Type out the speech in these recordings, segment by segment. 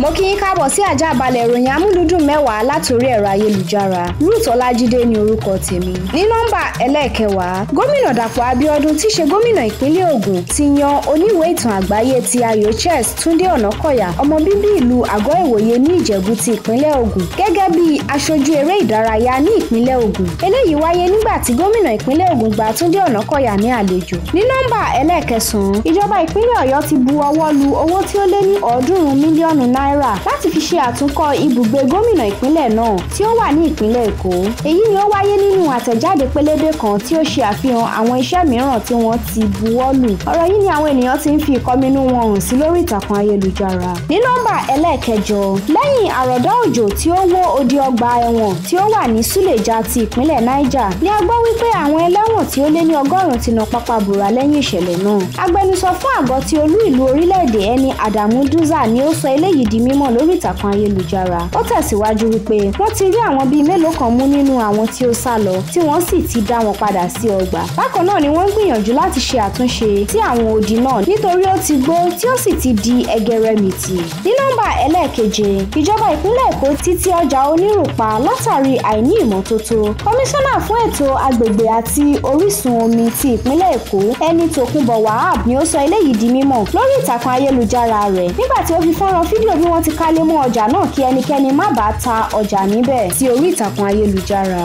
mo kí yín káàbọ̀ sí àjàbalẹ̀ ìròyìn amúlùdùn mẹ́wàá látòrí ẹ̀rọ ayélujára ruth ọlájídé ni orúkọ tèmi ní nọ́mbà ẹlẹ́ẹ̀kẹwàá gómìnà dàpọ̀ abíọ́dún tí í ṣe gómìnà ìpínlẹ̀ ògùn ti yan oníwèé ìtàn àgbáyé ti ayò chess túndé ọ̀nàkọ̀yà ọmọ bíbí ìlú àgọ́ ìwòye ní ìjẹ̀bú ti ìpínlẹ̀ ògùn gẹ́gẹ́ bí aṣojú eré ìdárayá ní ìpínlẹ̀ ògùn eléyìí wáyé nígbà tí gómìnà ìpínlẹ̀ ògùn gba túndé ọ̀nàkọ̀yà ní àlejò ní nọ́mbà ẹlẹ́ẹ̀kẹsàn-án ìjọba ìpínlẹ̀ ọ̀yọ́ ti bu ọwọ́ lu owó tí ó lé ní ọ̀ọ́dúnrún mílíọ̀nù náírà náírà láti fi ṣe àtúnkọ́ ibùgbé gómìnà ìpínlẹ̀ náà tí ó wà ní ìpínlẹ̀ Èkó èyí ni ó wáyé nínú àtẹ̀jáde pélébé kan tí ó ṣe àfihàn àwọn iṣẹ́ mìíràn tí wọ́n ti buwọ́ lù ọ̀rọ̀ yìí ni àwọn ènìyàn ti ń fi ìkọminú wọn hàn sí lórí ìtàkùn ayélujára ní nọ́mbà ẹlẹ́ẹ̀kẹjọ lẹ́yìn àròdá òjò tí ó wó odi ọgbà ẹ̀wọ̀n tí ó wà ní Suleja ti ìpínlẹ̀ Niger ni a gbọ́ wípé àwọn ẹlẹ́wọ̀n tí ó lé ní ọgọ́rùn-ún ti nà pápá bùrà lẹ́yìn ìṣẹ̀lẹ̀ náà agbẹnusọ fún àgọ́ ti olú ìlú orílẹ̀-èdè ẹni Adamu Duza ni ó sọ eléyìí di mímọ̀ lórí ìtàkùn ayélujára ó tẹ̀síwájú wípé wọ́n ti rí àwọn bíi mélòó kan mú nínú àwọn tí ó sá lọ tí wọ́n sì ti dá wọn padà sí ọgbà bákan náà ni wọ́n ń gbìyànjú láti ṣe àtúnṣe sí àwọn odi náà nítorí ó ti gbó tí ó sì ti di ẹgẹrẹmìtì ní nọ́mbà ẹlẹ́ẹ̀keje ìjọba ìpínlẹ̀ èkó ti ti ọjà onírù látàrí àìní ìmọ́tótó kọmíṣánná fún ètò agbègbè àti orísun omi ti ìpínlẹ̀ èkó ẹni tòkunbọ̀ wahab ni ó sọ eléyìí di mímọ̀ lórí ìtàkùn ayélujára rẹ̀ nígbà tí ó fi fọ́nrán fídíò bí ni wọ́n ti kálé mọ́ ọjà náà kí ẹnikẹ́ni má bàa ta ọjà níbẹ̀ sí orí ìtàkùn ayélujára.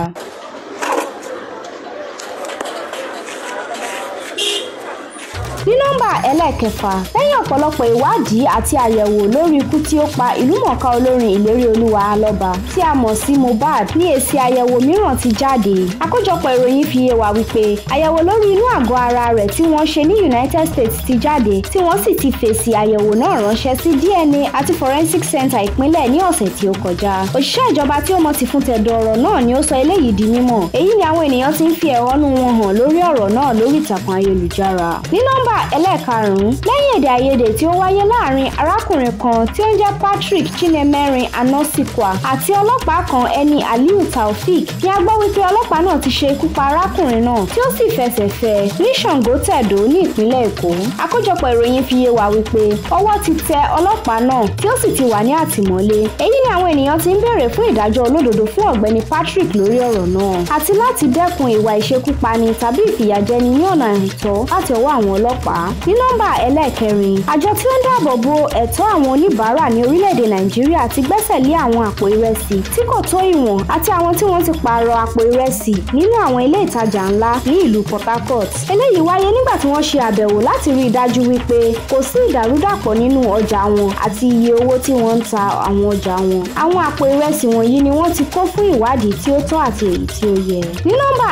ní nọ́mbà ẹlẹ́ẹ̀kẹfà lẹ́yìn ọ̀pọ̀lọpọ̀ ìwádìí àti àyẹ̀wò lórí ikú tí ó pa ìlúmọ̀ọ́ká olórin ìlérí olúwa alọ́ba tí a mọ̀ sí Mohbad ní èsì àyẹ̀wò mìíràn ti jáde àkójọpọ̀ ìròyìn fi yé wa wípé àyẹ̀wò lórí inú àgọ́ ara rẹ̀ tí wọ́n ṣe ní United States ti jáde tí wọ́n sì ti fèsì àyẹ̀wò náà ránṣẹ́ sí DNA àti Forensic Center ìpínlẹ̀ ní ọ̀sẹ̀ tí ó kọjá òṣìṣẹ́ ìjọba tí ó mọ̀ ti fún tẹ̀dọ̀ ọ̀rọ̀ náà ni ó sọ eléyìí di mímọ̀ èyí ni àwọn ènìyàn ti ń fi ẹ̀hónú wọn hàn lórí ọ̀rọ̀ náà lórí ìtàkùn ayélujára ní nọ́mb nọ́mbà ẹlẹ́ẹ̀karùn-ún lẹ́yìn èdè àìyedè tí ó wáyé láàrin arákùnrin kan tí ó ń jẹ́ Patrick Chinemerin Anosikwa àti ọlọ́pàá kan ẹni Aliu Taofik ni a gbọ́ wípé ọlọ́pàá náà ti ṣe ikú pa arákùnrin náà tí ó sì fẹsẹ̀ fẹ́ ní Ṣàngótẹ̀dó ní ìpínlẹ̀ Èkó àkójọpọ̀ ìròyìn fi yé wa wípé ọwọ́ ti tẹ ọlọ́pàá náà tí ó sì ti wà ní àtìmọ́lé èyí ni àwọn ènìyàn ti ń béèrè fún ìdájọ́ olódodo fún ọ̀gbẹ́ni Patrick lórí ọ̀rọ̀ náà àti láti dẹ́kun ìwà ìṣekúpani tàbí ìfìyàjẹni ní ọ̀nà àìtọ́ láti ọwọ́ àwọn ọlọ́pàá ọlọ́pàá. ní nọ́mbà ẹlẹ́ẹ̀kẹrin àjọ tí ó ń dáàbò bo ẹ̀tọ́ àwọn oníbàárà ní orílẹ̀-èdè nàìjíríà ti gbẹ́sẹ̀ lé àwọn àpò ìrẹsì tí kò tó ìwọ̀n àti àwọn tí wọ́n ti pààrọ̀ àpò ìrẹsì nínú àwọn ilé ìtajà ńlá ní ìlú port harcourt. eléyìí wáyé nígbà tí wọ́n ṣe àbẹ̀wò láti rí i dájú wípé kò sí ìdàrúdàpọ̀ nínú ọjà wọn àti iye owó tí wọ́n ń ta àwọn ọjà wọn. àwọn àpò ìrẹsì wọ̀nyí ni wọ́n ti kó fún ìwádìí tí ó tọ́ àti èyí tí ó yẹ. ní nọ́mbà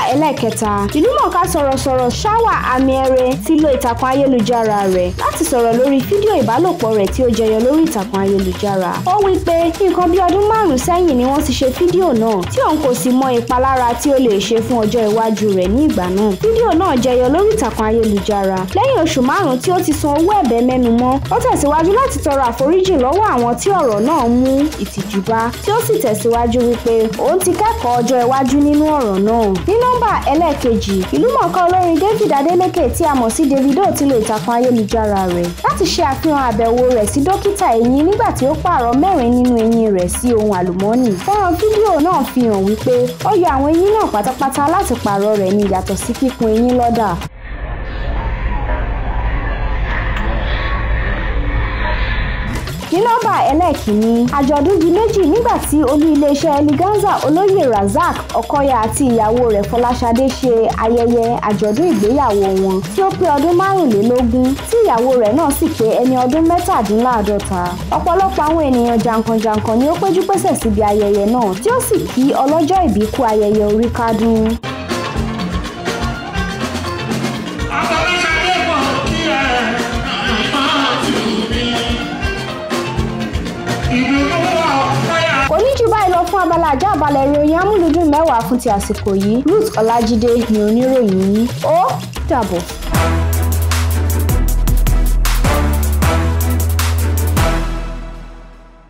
ìtàkùn ayélujára rẹ̀ láti sọ̀rọ̀ lórí fídíò ìbálòpọ̀ rẹ̀ tí ó jẹyọ lórí ìtàkùn ayélujára. ó wí pé nǹkan bí ọdún márùn-ún sẹ́yìn ni wọ́n ti ṣe fídíò náà tí òun kò sì mọ ìpalára tí ó lè ṣe fún ọjọ́ iwájú rẹ̀ ní ìgbà náà. fídíò náà jẹyọ lórí ìtàkùn ayélujára. lẹ́yìn oṣù márùn-ún tí ó ti san owó ẹ̀bẹ̀ mẹ́nu mọ́ ó tẹ̀síwájú láti tọrọ àforíjì lọ́wọ́ àwọn tí ọ̀rọ̀ náà mú ìtìjú bá tí ó sì tẹ̀síwájú wípé òun ti kẹ́kọ̀ọ́ ọjọ́ iwájú nínú ọ̀rọ̀ náà. ní nọ́mbà ẹlẹ́ẹ̀kejì ìlúmọ̀ọ́ká olórin David Adeleke tí a mọ̀ sí Davido náà ti lo ìtàkùn ayélujára rẹ̀ láti ṣe àfihàn àbẹ̀wò rẹ̀ sí dókítà eyín nígbà tí ó pààrọ̀ mẹ́rin nínú eyín rẹ̀ sí ohun àlùmọ́ọ́nì. fọ́nrán fídíò náà fi hàn wípé ó yọ àwọn eyín náà pátápátá láti pààrọ̀ rẹ̀ ní yàtọ̀ sí kíkùn eyín lọ́dà. ní nọ́mbà ẹlẹ́ẹ̀kìnní àjọ̀dún di méjì nígbà tí olú iléeṣẹ́ eleganza olóyè razak ọkọyà àti ìyàwó rẹ̀ fọláṣadé ṣe ayẹyẹ àjọ̀dún ìgbéyàwó wọn tí ó pé ọdún márùnlélógún tí ìyàwó rẹ̀ náà sì pé ẹni ọdún mẹ́tàdínláàádọ́ta ọ̀pọ̀lọpọ̀ àwọn ènìyàn jàǹkànjàǹkàn ni ó péjú pésẹ̀ síbi ayẹyẹ náà tí ó sì kí ọlọ́jọ́ ìbí kú ayẹyẹ orí kádún. abala àjábalẹ̀ ìròyìn amúlùdùn mẹ́wàá fún ti àsìkò yìí Ruth Ọlájídé ni oníròyìn yín ó dàbọ̀.